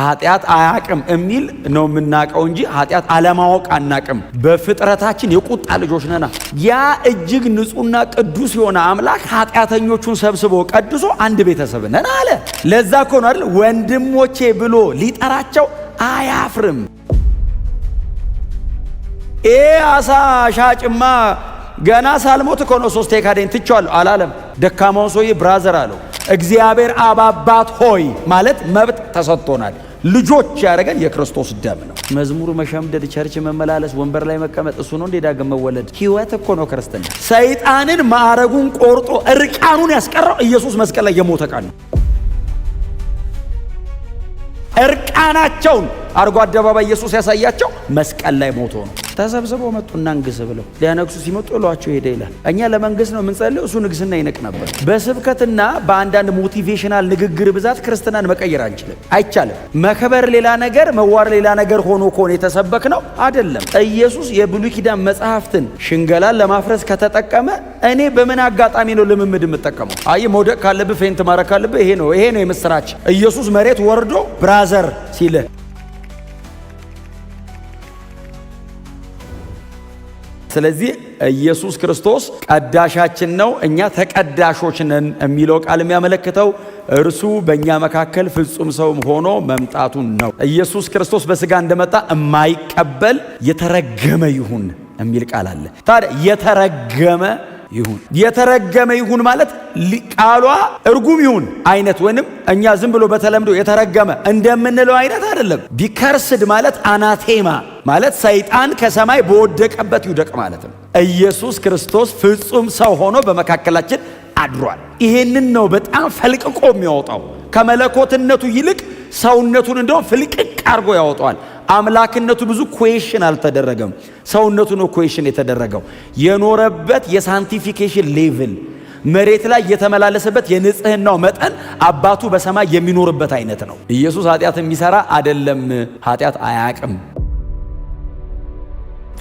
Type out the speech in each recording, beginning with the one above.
ኃጢአት አያቅም የሚል ነው የምናቀው እንጂ ኃጢአት አለማወቅ አናቅም። በፍጥረታችን የቁጣ ልጆች ነና። ያ እጅግ ንጹሕና ቅዱስ የሆነ አምላክ ኃጢአተኞቹን ሰብስቦ ቀድሶ አንድ ቤተሰብ ነን አለ። ለዛ እኮ ነው አይደል ወንድሞቼ ብሎ ሊጠራቸው አያፍርም። ይሄ አሳ ሻጭማ ገና ሳልሞት እኮ ነው ሶስት ካደኝ ትቼዋለሁ አላለም። ደካማውን ሰውዬ ብራዘር አለው። እግዚአብሔር አባባት ሆይ ማለት መብት ተሰጥቶናል። ልጆች ያደረገን የክርስቶስ ደም ነው። መዝሙሩ መሸምደድ፣ ቸርች መመላለስ፣ ወንበር ላይ መቀመጥ እሱ ነው እንዴ ዳግም መወለድ? ህይወት እኮ ነው ክርስትና። ሰይጣንን ማዕረጉን ቆርጦ እርቃኑን ያስቀረው ኢየሱስ መስቀል ላይ የሞተ ቃል ነው። እርቃናቸውን አርጎ አደባባይ ኢየሱስ ያሳያቸው መስቀል ላይ ሞቶ ነው። ተሰብስበው መጡ እናንግስ እንግስ ብለው ሊያነግሱ ሲመጡ እሏቸው ሄደ ይላል። እኛ ለመንግስት ነው የምንጸልው፣ እሱ ንግስና ይነቅ ነበር። በስብከትና በአንዳንድ ሞቲቬሽናል ንግግር ብዛት ክርስትናን መቀየር አንችልም፣ አይቻልም። መክበር ሌላ ነገር፣ መዋር ሌላ ነገር ሆኖ ከሆነ የተሰበክ ነው አይደለም። ኢየሱስ የብሉይ ኪዳን መጽሐፍትን ሽንገላን ለማፍረስ ከተጠቀመ እኔ በምን አጋጣሚ ነው ልምምድ የምጠቀመው? አይ መውደቅ ካለብህ ፌንት ማረ ካለብህ ይሄ ነው ይሄ ነው የምስራች። ኢየሱስ መሬት ወርዶ ብራዘር ሲልህ ስለዚህ ኢየሱስ ክርስቶስ ቀዳሻችን ነው፣ እኛ ተቀዳሾች ነን የሚለው ቃል የሚያመለክተው እርሱ በእኛ መካከል ፍጹም ሰው ሆኖ መምጣቱን ነው። ኢየሱስ ክርስቶስ በስጋ እንደመጣ የማይቀበል የተረገመ ይሁን የሚል ቃል አለ። ታዲያ የተረገመ ይሁን የተረገመ ይሁን ማለት ቃሏ እርጉም ይሁን አይነት ወይንም እኛ ዝም ብሎ በተለምዶ የተረገመ እንደምንለው አይነት አይደለም። ቢከርስድ ማለት አናቴማ ማለት ሰይጣን ከሰማይ በወደቀበት ይውደቅ ማለት ነው። ኢየሱስ ክርስቶስ ፍጹም ሰው ሆኖ በመካከላችን አድሯል። ይሄንን ነው በጣም ፈልቅቆ የሚያወጣው። ከመለኮትነቱ ይልቅ ሰውነቱን እንደውም ፍልቅቅ አድርጎ ያወጣዋል። አምላክነቱ ብዙ ኩዌሽን አልተደረገም። ሰውነቱ ነው ኩዌሽን የተደረገው። የኖረበት የሳንቲፊኬሽን ሌቭል መሬት ላይ የተመላለሰበት የንጽህናው መጠን አባቱ በሰማይ የሚኖርበት አይነት ነው። ኢየሱስ ኃጢአት የሚሰራ አይደለም። ኃጢአት አያቅም።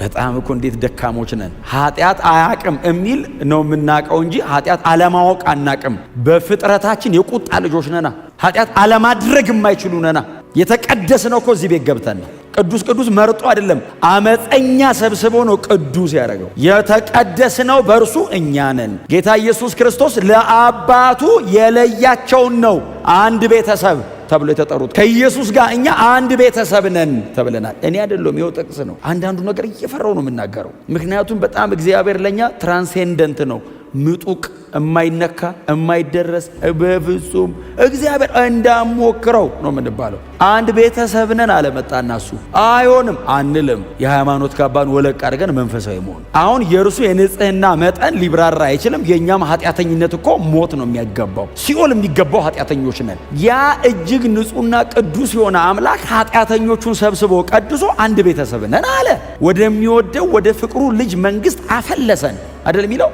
በጣም እኮ እንዴት ደካሞች ነን። ኃጢአት አያቅም የሚል ነው የምናቀው እንጂ ኃጢአት አለማወቅ አናቅም። በፍጥረታችን የቁጣ ልጆች ነና። ኃጢአት አለማድረግ የማይችሉ ነና። የተቀደስ ነው እኮ እዚህ ቤት ገብተን ነው። ቅዱስ ቅዱስ መርጦ አይደለም፣ አመፀኛ ሰብስቦ ነው ቅዱስ ያደረገው። የተቀደስ ነው በእርሱ እኛ ነን። ጌታ ኢየሱስ ክርስቶስ ለአባቱ የለያቸውን ነው አንድ ቤተሰብ ተብሎ የተጠሩት ከኢየሱስ ጋር እኛ አንድ ቤተሰብ ነን ተብለናል። እኔ አይደለም ይኸው ጥቅስ ነው። አንዳንዱ ነገር እየፈራው ነው የምናገረው፣ ምክንያቱም በጣም እግዚአብሔር ለእኛ ትራንሴንደንት ነው ምጡቅ የማይነካ የማይደረስ በፍጹም እግዚአብሔር እንዳሞክረው ነው የምንባለው። አንድ ቤተሰብ ነን አለመጣና እሱ አይሆንም አንልም። የሃይማኖት ካባን ወለቅ አድርገን መንፈሳዊ መሆን አሁን የእርሱ የንጽህና መጠን ሊብራራ አይችልም። የእኛም ኃጢአተኝነት እኮ ሞት ነው የሚያገባው፣ ሲኦል የሚገባው ኃጢአተኞች ነን። ያ እጅግ ንጹሕና ቅዱስ የሆነ አምላክ ኃጢአተኞቹን ሰብስቦ ቀድሶ አንድ ቤተሰብ ነን አለ። ወደሚወደው ወደ ፍቅሩ ልጅ መንግስት አፈለሰን አደል የሚለው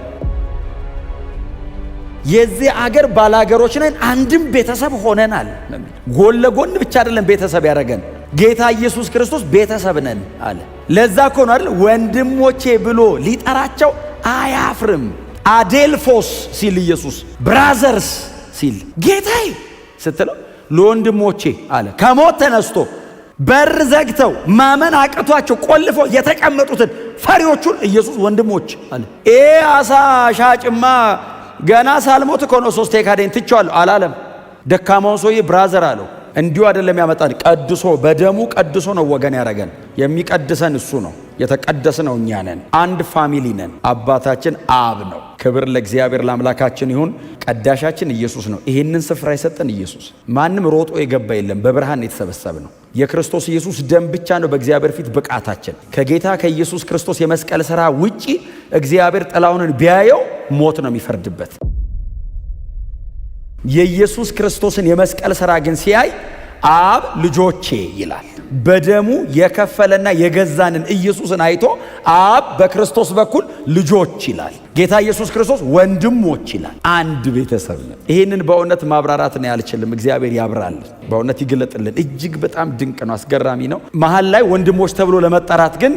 የዚህ አገር ባላገሮች ነን፣ አንድም ቤተሰብ ሆነናል። ጎን ለጎን ብቻ አይደለም ቤተሰብ ያደረገን ጌታ ኢየሱስ ክርስቶስ ቤተሰብ ነን አለ። ለዛ እኮ ነው አይደል ወንድሞቼ ብሎ ሊጠራቸው አያፍርም። አዴልፎስ ሲል ኢየሱስ ብራዘርስ ሲል ጌታዬ ስትለው ለወንድሞቼ አለ። ከሞት ተነስቶ በር ዘግተው ማመን አቅቷቸው ቆልፎ የተቀመጡትን ፈሪዎቹን ኢየሱስ ወንድሞች አለ። ይሄ አሳ ሻጭማ ገና ሳልሞት እኮ ነው ሶስት የካደኝ ትቼዋለሁ አላለም። ደካማውን ሰውዬ ብራዘር አለው። እንዲሁ አይደለም ያመጣን፣ ቀድሶ በደሙ ቀድሶ ነው ወገን ያደረገን። የሚቀድሰን እሱ ነው። የተቀደስ ነው እኛ ነን። አንድ ፋሚሊ ነን። አባታችን አብ ነው። ክብር ለእግዚአብሔር ለአምላካችን ይሁን። ቀዳሻችን ኢየሱስ ነው። ይህንን ስፍራ የሰጠን ኢየሱስ። ማንም ሮጦ የገባ የለም። በብርሃን የተሰበሰብ ነው። የክርስቶስ ኢየሱስ ደም ብቻ ነው በእግዚአብሔር ፊት ብቃታችን። ከጌታ ከኢየሱስ ክርስቶስ የመስቀል ሥራ ውጪ እግዚአብሔር ጥላሁንን ቢያየው ሞት ነው የሚፈርድበት። የኢየሱስ ክርስቶስን የመስቀል ሥራ ግን ሲያይ አብ ልጆቼ ይላል። በደሙ የከፈለና የገዛንን ኢየሱስን አይቶ አብ በክርስቶስ በኩል ልጆች ይላል። ጌታ ኢየሱስ ክርስቶስ ወንድሞች ይላል። አንድ ቤተሰብ ነው። ይህንን በእውነት ማብራራት ነው ያልችልም። እግዚአብሔር ያብራልን፣ በእውነት ይግለጥልን። እጅግ በጣም ድንቅ ነው፣ አስገራሚ ነው። መሀል ላይ ወንድሞች ተብሎ ለመጠራት ግን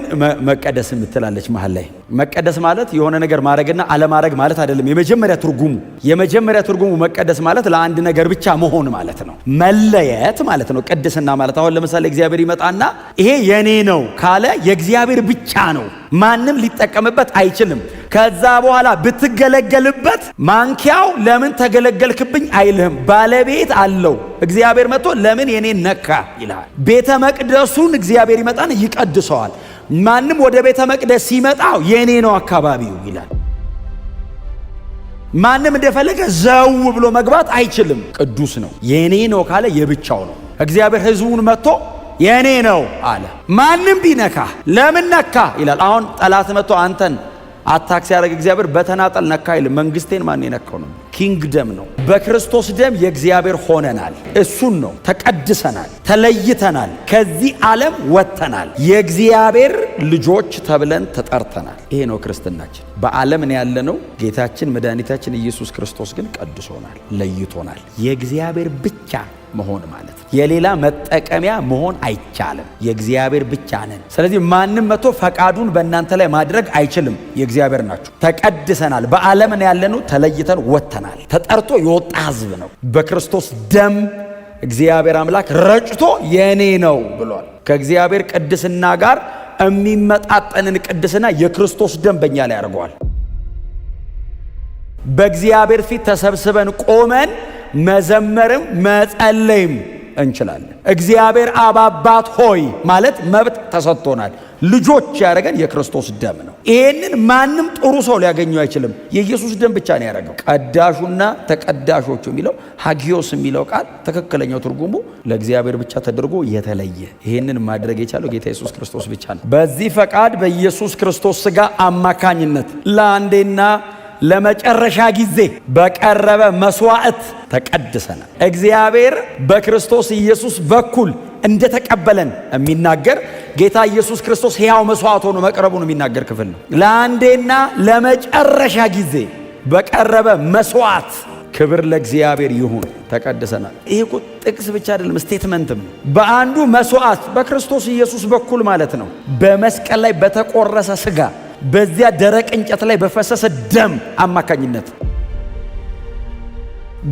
መቀደስ የምትላለች መሀል ላይ መቀደስ ማለት የሆነ ነገር ማድረግና አለማድረግ ማለት አይደለም። የመጀመሪያ ትርጉሙ የመጀመሪያ ትርጉሙ መቀደስ ማለት ለአንድ ነገር ብቻ መሆን ማለት ነው፣ መለየት ማለት ነው። ቅድስና ማለት አሁን ለምሳሌ እግዚአብሔር ይመጣና ይሄ የኔ ነው ካለ የእግዚአብሔር ብቻ ነው፣ ማንም ሊጠቀምበት አይችልም። ከዛ በኋላ ብትገለገልበት ማንኪያው ለምን ተገለገልክብኝ አይልህም። ባለቤት አለው። እግዚአብሔር መጥቶ ለምን የኔ ነካ ይልሃል። ቤተ መቅደሱን እግዚአብሔር ይመጣን ይቀድሰዋል። ማንም ወደ ቤተ መቅደስ ሲመጣ የኔ ነው አካባቢው ይላል። ማንም እንደፈለገ ዘው ብሎ መግባት አይችልም። ቅዱስ ነው። የኔ ነው ካለ የብቻው ነው። እግዚአብሔር ህዝቡን መጥቶ የኔ ነው አለ። ማንም ቢነካ ለምን ነካ ይላል። አሁን ጠላት መጥቶ አንተን አታክ ሲያደርግ እግዚአብሔር በተናጠል ነካ አይልም። መንግስቴን ማን የነካው ነው? ኪንግደም ነው። በክርስቶስ ደም የእግዚአብሔር ሆነናል። እሱን ነው ተቀድሰናል፣ ተለይተናል፣ ከዚህ ዓለም ወጥተናል። የእግዚአብሔር ልጆች ተብለን ተጠርተናል። ይሄ ነው ክርስትናችን። በዓለም ነው ያለነው። ጌታችን መድኃኒታችን ኢየሱስ ክርስቶስ ግን ቀድሶናል፣ ለይቶናል። የእግዚአብሔር ብቻ መሆን ማለት ነው። የሌላ መጠቀሚያ መሆን አይቻልም። የእግዚአብሔር ብቻ ነን። ስለዚህ ማንም መቶ ፈቃዱን በእናንተ ላይ ማድረግ አይችልም። የእግዚአብሔር ናችሁ። ተቀድሰናል። በዓለም ነው ያለነው። ተለይተን ወጥተናል። ይሆናል። ተጠርቶ የወጣ ህዝብ ነው። በክርስቶስ ደም እግዚአብሔር አምላክ ረጭቶ የኔ ነው ብሏል። ከእግዚአብሔር ቅድስና ጋር የሚመጣጠንን ቅድስና የክርስቶስ ደም በእኛ ላይ ያደርገዋል። በእግዚአብሔር ፊት ተሰብስበን ቆመን መዘመርም መጸለይም እንችላለን። እግዚአብሔር አብ አባት ሆይ ማለት መብት ተሰጥቶናል። ልጆች ያደረገን የክርስቶስ ደም ነው። ይህንን ማንም ጥሩ ሰው ሊያገኘው አይችልም። የኢየሱስ ደም ብቻ ነው ያደረገው። ቀዳሹና ተቀዳሾቹ የሚለው ሀጊዮስ የሚለው ቃል ትክክለኛው ትርጉሙ ለእግዚአብሔር ብቻ ተደርጎ የተለየ። ይህንን ማድረግ የቻለው ጌታ ኢየሱስ ክርስቶስ ብቻ ነው። በዚህ ፈቃድ በኢየሱስ ክርስቶስ ስጋ አማካኝነት ለአንዴና ለመጨረሻ ጊዜ በቀረበ መስዋዕት ተቀድሰናል። እግዚአብሔር በክርስቶስ ኢየሱስ በኩል እንደተቀበለን የሚናገር ጌታ ኢየሱስ ክርስቶስ ሕያው መስዋዕት ሆኖ መቅረቡን የሚናገር ክፍል ነው። ለአንዴና ለመጨረሻ ጊዜ በቀረበ መስዋዕት ክብር ለእግዚአብሔር ይሁን። ተቀድሰናል። ይህ እኮ ጥቅስ ብቻ አይደለም፣ ስቴትመንትም ነው። በአንዱ መስዋዕት በክርስቶስ ኢየሱስ በኩል ማለት ነው። በመስቀል ላይ በተቆረሰ ስጋ። በዚያ ደረቅ እንጨት ላይ በፈሰሰ ደም አማካኝነት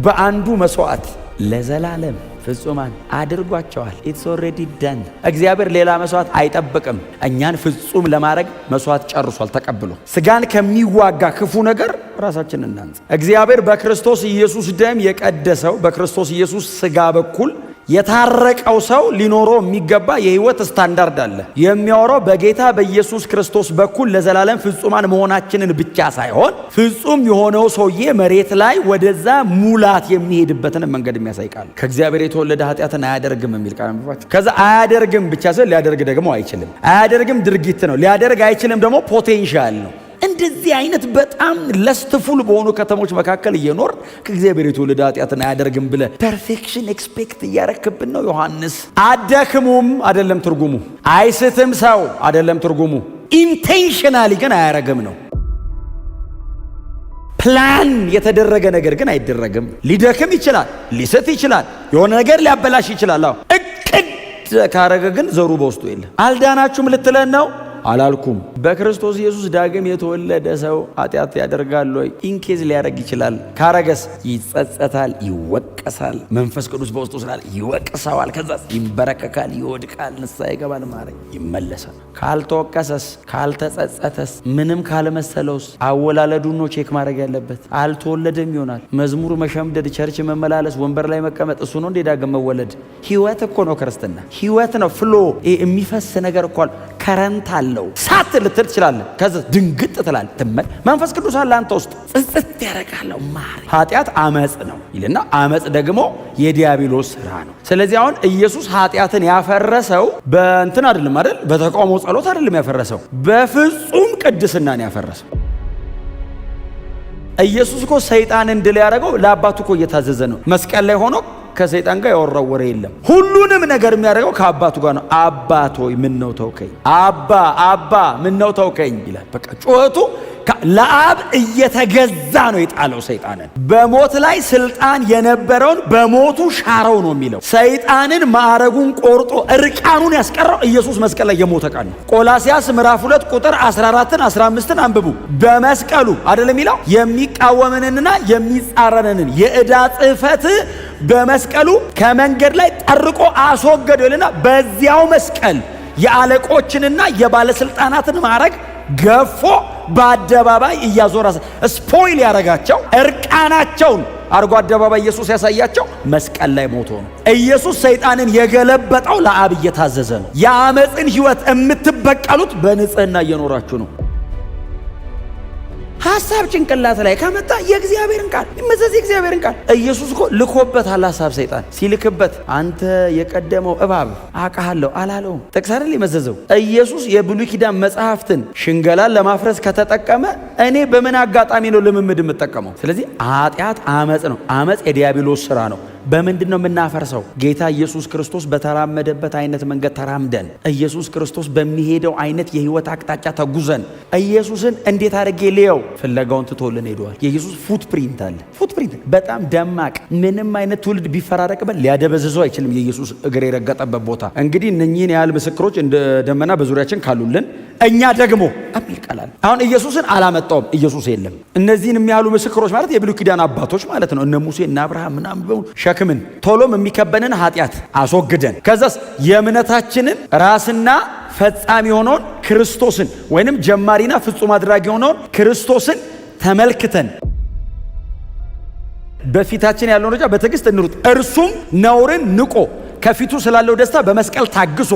በአንዱ መስዋዕት ለዘላለም ፍጹማን አድርጓቸዋል። ኢትስ ኦሬዲ ደን። እግዚአብሔር ሌላ መስዋዕት አይጠብቅም። እኛን ፍጹም ለማድረግ መስዋዕት ጨርሷል ተቀብሎ። ስጋን ከሚዋጋ ክፉ ነገር ራሳችን እናንጽ። እግዚአብሔር በክርስቶስ ኢየሱስ ደም የቀደሰው በክርስቶስ ኢየሱስ ስጋ በኩል የታረቀው ሰው ሊኖረው የሚገባ የህይወት ስታንዳርድ አለ። የሚያወራው በጌታ በኢየሱስ ክርስቶስ በኩል ለዘላለም ፍጹማን መሆናችንን ብቻ ሳይሆን ፍጹም የሆነው ሰውዬ መሬት ላይ ወደዛ ሙላት የሚሄድበትን መንገድ የሚያሳይቃል። ከእግዚአብሔር የተወለደ ኃጢአትን አያደርግም የሚል ቃል አንብባችሁ ከዛ አያደርግም ብቻ ሲሆን ሊያደርግ ደግሞ አይችልም። አያደርግም ድርጊት ነው። ሊያደርግ አይችልም ደግሞ ፖቴንሻል ነው። እንደዚህ አይነት በጣም ለስትፉል በሆኑ ከተሞች መካከል እየኖር ከእግዚአብሔር የትውልድ ኃጢአትን አያደርግም ብለ ፐርፌክሽን ኤክስፔክት እያረክብን ነው። ዮሐንስ አደክሙም አይደለም ትርጉሙ፣ አይስትም ሰው አይደለም ትርጉሙ፣ ኢንቴንሽናሊ ግን አያረግም ነው ፕላን የተደረገ ነገር ግን አይደረግም። ሊደክም ይችላል፣ ሊስት ይችላል፣ የሆነ ነገር ሊያበላሽ ይችላል። አዎ እቅድ ካረገ ግን ዘሩ በውስጡ የለም። አልዳናችሁም ልትለን ነው። አላልኩም። በክርስቶስ ኢየሱስ ዳግም የተወለደ ሰው ኃጢአት ያደርጋል ወይ? ኢንኬዝ ሊያደርግ ይችላል። ካረገስ ይጸጸታል፣ ይወቀሳል። መንፈስ ቅዱስ በውስጡ ስላለ ይወቅሰዋል። ከዛ ይንበረከካል፣ ይወድቃል፣ ንስሐ ይገባል፣ ማረ ይመለሳል። ካልተወቀሰስ፣ ካልተጸጸተስ፣ ምንም ካልመሰለውስ አወላለዱን ነው ቼክ ማድረግ ያለበት። አልተወለደም ይሆናል። መዝሙር መሸምደድ፣ ቸርች መመላለስ፣ ወንበር ላይ መቀመጥ እሱ ነው እንዴ ዳግም መወለድ? ህይወት እኮ ነው ክርስትና። ህይወት ነው ፍሎ የሚፈስ ነገር እኳል ከረንት አለው። ሳት ልትል ትችላለህ። ከዚ ድንግጥ ትላል ትመል መንፈስ ቅዱስ አለ አንተ ውስጥ ጽጽት ያደረጋለው ማር ኃጢአት አመፅ ነው ይልና አመፅ ደግሞ የዲያብሎስ ስራ ነው። ስለዚህ አሁን ኢየሱስ ኃጢአትን ያፈረሰው በእንትን አይደለም አይደል፣ በተቃውሞ ጸሎት አይደለም ያፈረሰው፣ በፍጹም ቅድስናን ያፈረሰው ኢየሱስ እኮ ሰይጣን እንድል ያደረገው ለአባቱ እኮ እየታዘዘ ነው መስቀል ላይ ሆኖ ከሰይጣን ጋር ያወራው ወሬ የለም። ሁሉንም ነገር የሚያደርገው ከአባቱ ጋር ነው። አባት ሆይ ምን ነው ተውከኝ፣ አባ አባ ምን ነው ተውከኝ ይላል። በቃ ጩኸቱ ለአብ እየተገዛ ነው የጣለው ሰይጣንን። በሞት ላይ ስልጣን የነበረውን በሞቱ ሻረው ነው የሚለው። ሰይጣንን ማዕረጉን ቆርጦ እርቃኑን ያስቀረው ኢየሱስ መስቀል ላይ የሞተ ቀን ነው። ቆላሲያስ ምዕራፍ 2 ቁጥር 14 15ን አንብቡ። በመስቀሉ አይደለም የሚለው የሚቃወመንንና የሚጻረንንን የዕዳ ጽሕፈት በመስቀሉ ከመንገድ ላይ ጠርቆ አስወገደው ይልና በዚያው መስቀል የአለቆችንና የባለስልጣናትን ማዕረግ ገፎ በአደባባይ እያዞረ ስፖይል ያደረጋቸው እርቃናቸውን አርጎ አደባባይ ኢየሱስ ያሳያቸው መስቀል ላይ ሞቶ ነው። ኢየሱስ ሰይጣንን የገለበጠው ለአብ እየታዘዘ ነው። የአመፅን ህይወት የምትበቀሉት በንጽህና እየኖራችሁ ነው። ሀሳብ ጭንቅላት ላይ ከመጣ የእግዚአብሔርን ቃል ይመዘዝ፣ የእግዚአብሔርን ቃል ኢየሱስ እኮ ልኮበታል። ሀሳብ ሰይጣን ሲልክበት አንተ የቀደመው እባብ አቃሃለሁ አላለውም። ጥቅስ አይደል የመዘዘው። ኢየሱስ የብሉይ ኪዳን መጽሐፍትን ሽንገላን ለማፍረስ ከተጠቀመ እኔ በምን አጋጣሚ ነው ልምምድ የምጠቀመው? ስለዚህ ኃጢአት አመፅ ነው። አመፅ የዲያብሎስ ስራ ነው። በምንድን ነው የምናፈርሰው? ጌታ ኢየሱስ ክርስቶስ በተራመደበት አይነት መንገድ ተራምደን ኢየሱስ ክርስቶስ በሚሄደው አይነት የህይወት አቅጣጫ ተጉዘን ኢየሱስን እንዴት አድርጌ ልየው? ፍለጋውን ትቶልን ሄደዋል። የኢየሱስ ፉትፕሪንት አለ። ፉትፕሪንት በጣም ደማቅ፣ ምንም አይነት ትውልድ ቢፈራረቅበት ሊያደበዝዘው አይችልም። የኢየሱስ እግር የረገጠበት ቦታ። እንግዲህ እነኚህን ያህል ምስክሮች እንደ ደመና በዙሪያችን ካሉልን እኛ ደግሞ የሚል አሁን ኢየሱስን አላመጣውም። ኢየሱስ የለም። እነዚህን የሚያሉ ምስክሮች ማለት የብሉይ ኪዳን አባቶች ማለት ነው። እነ ሙሴ እነ አብርሃም ምናምን የሚደክምን ቶሎም የሚከበንን ኃጢአት አስወግደን ከዛስ የእምነታችንን ራስና ፈጻሚ የሆነውን ክርስቶስን ወይንም ጀማሪና ፍጹም አድራጊ የሆነውን ክርስቶስን ተመልክተን በፊታችን ያለውን ርጫ በትዕግስት እንሩጥ። እርሱም ነውርን ንቆ ከፊቱ ስላለው ደስታ በመስቀል ታግሶ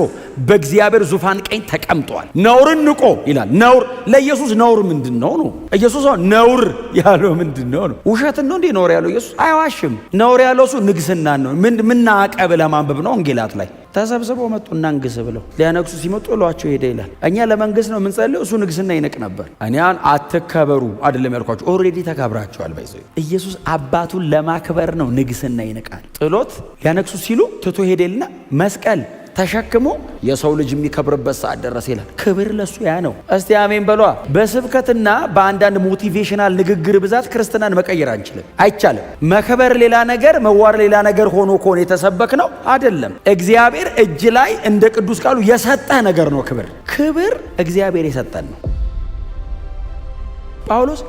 በእግዚአብሔር ዙፋን ቀኝ ተቀምጧል። ነውርን ንቆ ይላል። ነውር ለኢየሱስ ነውር ምንድን ነው ነው? ኢየሱስ ነውር ያለው ምንድን ነው ነው? ውሸት ነው እንዴ ነውር ያለው? ኢየሱስ አይዋሽም። ነውር ያለው እሱ ንግስናን ነው። ምን ምናቀብ ለማንበብ ነው ወንጌላት ላይ ተሰብስበው መጡ። እናንግስ ብለው ሊያነግሱ ሲመጡ ሏቸው ሄደ ይላል። እኛ ለመንግስት ነው የምንጸልየው፣ እሱ ንግስና ይነቅ ነበር። እኔን አትከበሩ አይደለም ያልኳቸው፣ ኦልሬዲ ተከብራቸዋል። ባይዘ ኢየሱስ አባቱን ለማክበር ነው ንግስና ይነቃል። ጥሎት ሊያነግሱ ሲሉ ትቶ ሄደልና መስቀል ተሸክሞ የሰው ልጅ የሚከብርበት ሰዓት ደረሰ ይላል። ክብር ለሱ ያ ነው። እስቲ አሜን በሏ። በስብከትና በአንዳንድ ሞቲቬሽናል ንግግር ብዛት ክርስትናን መቀየር አንችልም፣ አይቻልም። መክበር ሌላ ነገር፣ መዋር ሌላ ነገር ሆኖ ከሆነ የተሰበክ ነው አይደለም። እግዚአብሔር እጅ ላይ እንደ ቅዱስ ቃሉ የሰጠህ ነገር ነው። ክብር ክብር እግዚአብሔር የሰጠን ነው። ጳውሎስ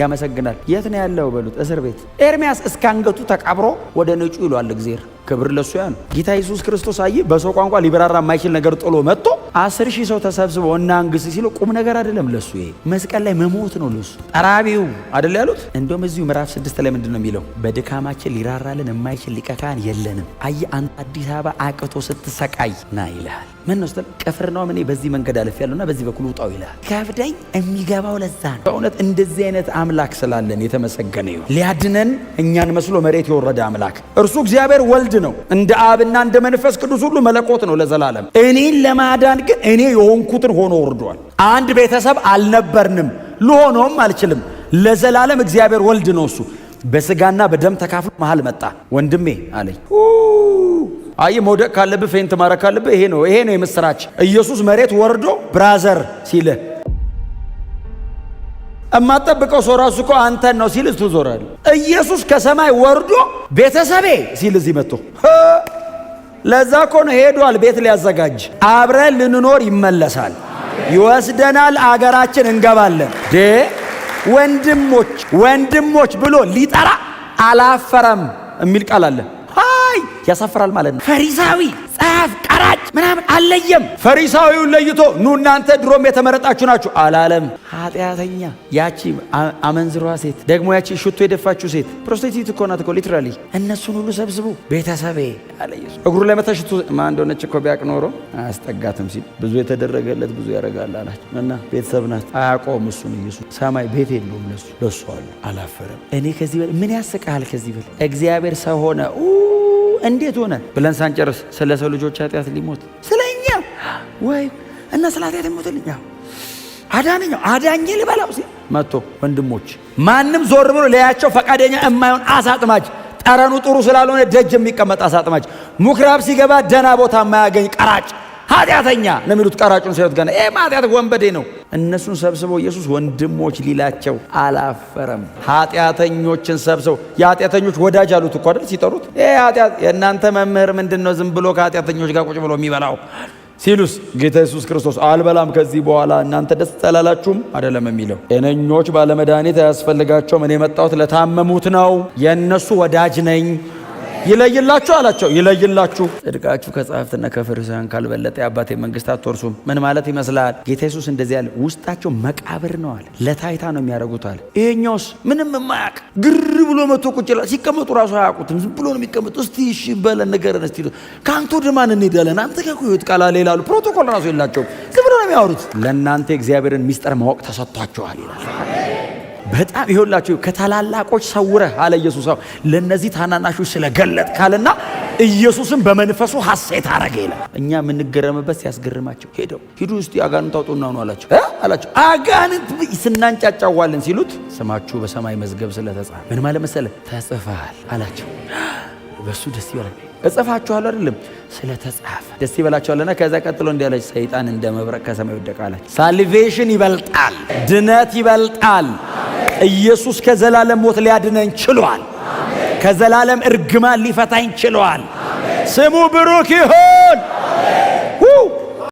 ያመሰግናል። የት ነው ያለው በሉት፣ እስር ቤት። ኤርሚያስ እስከ አንገቱ ተቃብሮ ወደ ነጩ ይሏል እግዜር። ክብር ለሱ ያን ጌታ ኢየሱስ ክርስቶስ አይ በሰው ቋንቋ ሊብራራ የማይችል ነገር ጥሎ መጥቶ አስር ሺህ ሰው ተሰብስበው እና አንግስ ሲሉ ቁም ነገር አይደለም ለሱ ይሄ መስቀል ላይ መሞት ነው ለሱ። ጠራቢው አይደል ያሉት። እንደውም እዚሁ ምዕራፍ ስድስት ላይ ምንድን ነው የሚለው? በድካማችን ሊራራልን የማይችል ሊቀ ካህን የለንም። አይ አንተ አዲስ አበባ አቅቶ ስትሰቃይ ና ይልሃል። ምን ነው ስትል ነው እኔ በዚህ መንገድ አልፌያለሁና በዚህ በኩል ውጣው ይልሃል። ከብዳኝ የሚገባው ለዛ ነው በእውነት እንደዚህ አይነት አምላክ ስላለን የተመሰገነ ይሁን። ሊያድነን እኛን መስሎ መሬት የወረደ አምላክ እርሱ እግዚአብሔር ወልድ ነው። እንደ አብና እንደ መንፈስ ቅዱስ ሁሉ መለኮት ነው ለዘላለም። እኔን ለማዳን ግን እኔ የሆንኩትን ሆኖ ወርዷል። አንድ ቤተሰብ አልነበርንም፣ ልሆነውም አልችልም። ለዘላለም እግዚአብሔር ወልድ ነው። እሱ በስጋና በደም ተካፍሎ መሃል መጣ። ወንድሜ አለኝ አይ መውደቅ ካለብህ ፌንት ማድረግ ካለብህ ይሄ ነው ይሄ ነው የምስራች። ኢየሱስ መሬት ወርዶ ብራዘር ሲልህ እማጠብቀው ሰው ራሱ እኮ አንተን ነው ሲል እሱ ዞራል። ኢየሱስ ከሰማይ ወርዶ ቤተሰቤ ሲል እዚህ መጥቶ ለዛ እኮ ነው ሄዷል፣ ቤት ሊያዘጋጅ አብረን ልንኖር ይመለሳል፣ ይወስደናል፣ አገራችን እንገባለን። ዴ ወንድሞች ወንድሞች ብሎ ሊጠራ አላፈረም የሚል ቃል አለ። ሃይ ያሳፍራል ማለት ነው ፈሪሳዊ ዘራፍ፣ ቀራጭ ምናምን አለየም። ፈሪሳዊውን ለይቶ ኑ እናንተ ድሮም የተመረጣችሁ ናችሁ አላለም። ኃጢአተኛ ያቺ አመንዝሯ ሴት ደግሞ ያቺ ሽቶ የደፋችሁ ሴት ፕሮስቴቲት እኮ ናት እኮ ሊትራሊ። እነሱን ሁሉ ሰብስቡ ቤተሰቤ አለ ኢየሱስ። እግሩ ላይ መታ ሽቶ ማን እንደሆነች እኮ ቢያቅ ኖሮ አያስጠጋትም ሲል ብዙ የተደረገለት ብዙ ያደርጋል አላቸው እና ቤተሰብ ናት አያቆም እሱን ኢየሱስ ሰማይ ቤት የለውም ለሱ ለሱ አሉ አላፈረም። እኔ ከዚህ በል ምን ያስቃል? ከዚህ በል እግዚአብሔር ሰው ሆነ እንዴት ሆነ ብለን ሳንጨርስ ስለ ሰው ልጆች ኃጢአት ሊሞት ስለ እኛ ወይ እና ስለ ኃጢአት ሊሞትልኛ አዳነኛው አዳኝ ልበላው ሲል መጥቶ ወንድሞች፣ ማንም ዞር ብሎ ለያቸው ፈቃደኛ የማይሆን አሳጥማጅ፣ ጠረኑ ጥሩ ስላልሆነ ደጅ የሚቀመጥ አሳጥማጅ፣ ሙክራብ ሲገባ ደና ቦታ የማያገኝ ቀራጭ ኃጢአተኛ ነው የሚሉት። ቀራጩን ሲያዩት ገና ይህ ኃጢአት ወንበዴ ነው። እነሱን ሰብስበው ኢየሱስ ወንድሞች ሊላቸው አላፈረም። ኃጢአተኞችን ሰብስበው የኃጢአተኞች ወዳጅ አሉት እኮ አይደል ሲጠሩት፣ የእናንተ መምህር ምንድን ነው ዝም ብሎ ከኃጢአተኞች ጋር ቁጭ ብሎ የሚበላው ሲሉስ ጌታ ኢየሱስ ክርስቶስ አልበላም ከዚህ በኋላ እናንተ ደስ አላላችሁም አይደለም የሚለው። ጤነኞች ባለመድኃኒት አያስፈልጋቸውም፣ እኔ የመጣሁት ለታመሙት ነው። የእነሱ ወዳጅ ነኝ ይለይላችሁ አላቸው። ይለይላችሁ ጽድቃችሁ ከጸሐፍትና ከፈሪሳውያን ካልበለጠ የአባቴ መንግስት አትወርሱም። ምን ማለት ይመስላል? ጌታ ኢየሱስ እንደዚህ ያለ ውስጣቸው መቃብር ነው አለ። ለታይታ ነው የሚያደርጉት አለ። ይሄኛውስ ምንም የማያውቅ ግር ብሎ መቶ ቁጭ ይላል። ሲቀመጡ ራሱ አያውቁትም። ዝም ብሎ ነው የሚቀመጡ። እስቲ እሺ በለን ንገረን እስቲ ከአንተ ወደ ማን እንሄዳለን? አንተ ከእኮ ሕይወት ቃል አለ ይላሉ። ፕሮቶኮል ራሱ የላቸውም። ዝም ብሎ ነው የሚያወሩት። ለእናንተ እግዚአብሔርን ሚስጥር ማወቅ ተሰጥቷቸዋል ይላል። በጣም ይሁላችሁ ከታላላቆች ሰውረህ አለ ኢየሱስ። ሰው ለነዚህ ታናናሾች ስለገለጥ ካለና ኢየሱስን በመንፈሱ ሐሴት አረገ ይላል። እኛ የምንገረምበት ሲያስገርማቸው ሄደው ሂዱ እስቲ አጋንንት አውጡና ነው አላቸው አላቸው። አጋንንት ስናንጫጫዋለን ሲሉት ስማችሁ በሰማይ መዝገብ ስለተጻፈ ምን ማለት መሰለ ተጽፋል አላቸው። በሱ ደስ ይላል። እጽፋችኋለሁ አይደለም ስለተጻፈ ደስ ይበላችኋለና ከዛ ቀጥሎ እንዲያለች ሰይጣን እንደ መብረቅ ከሰማይ ወደቃለች። ሳልቬሽን ይበልጣል፣ ድነት ይበልጣል። ኢየሱስ ከዘላለም ሞት ሊያድነን ችሏል። ከዘላለም እርግማን ሊፈታኝ ችሏል። ስሙ ብሩክ ይሁን።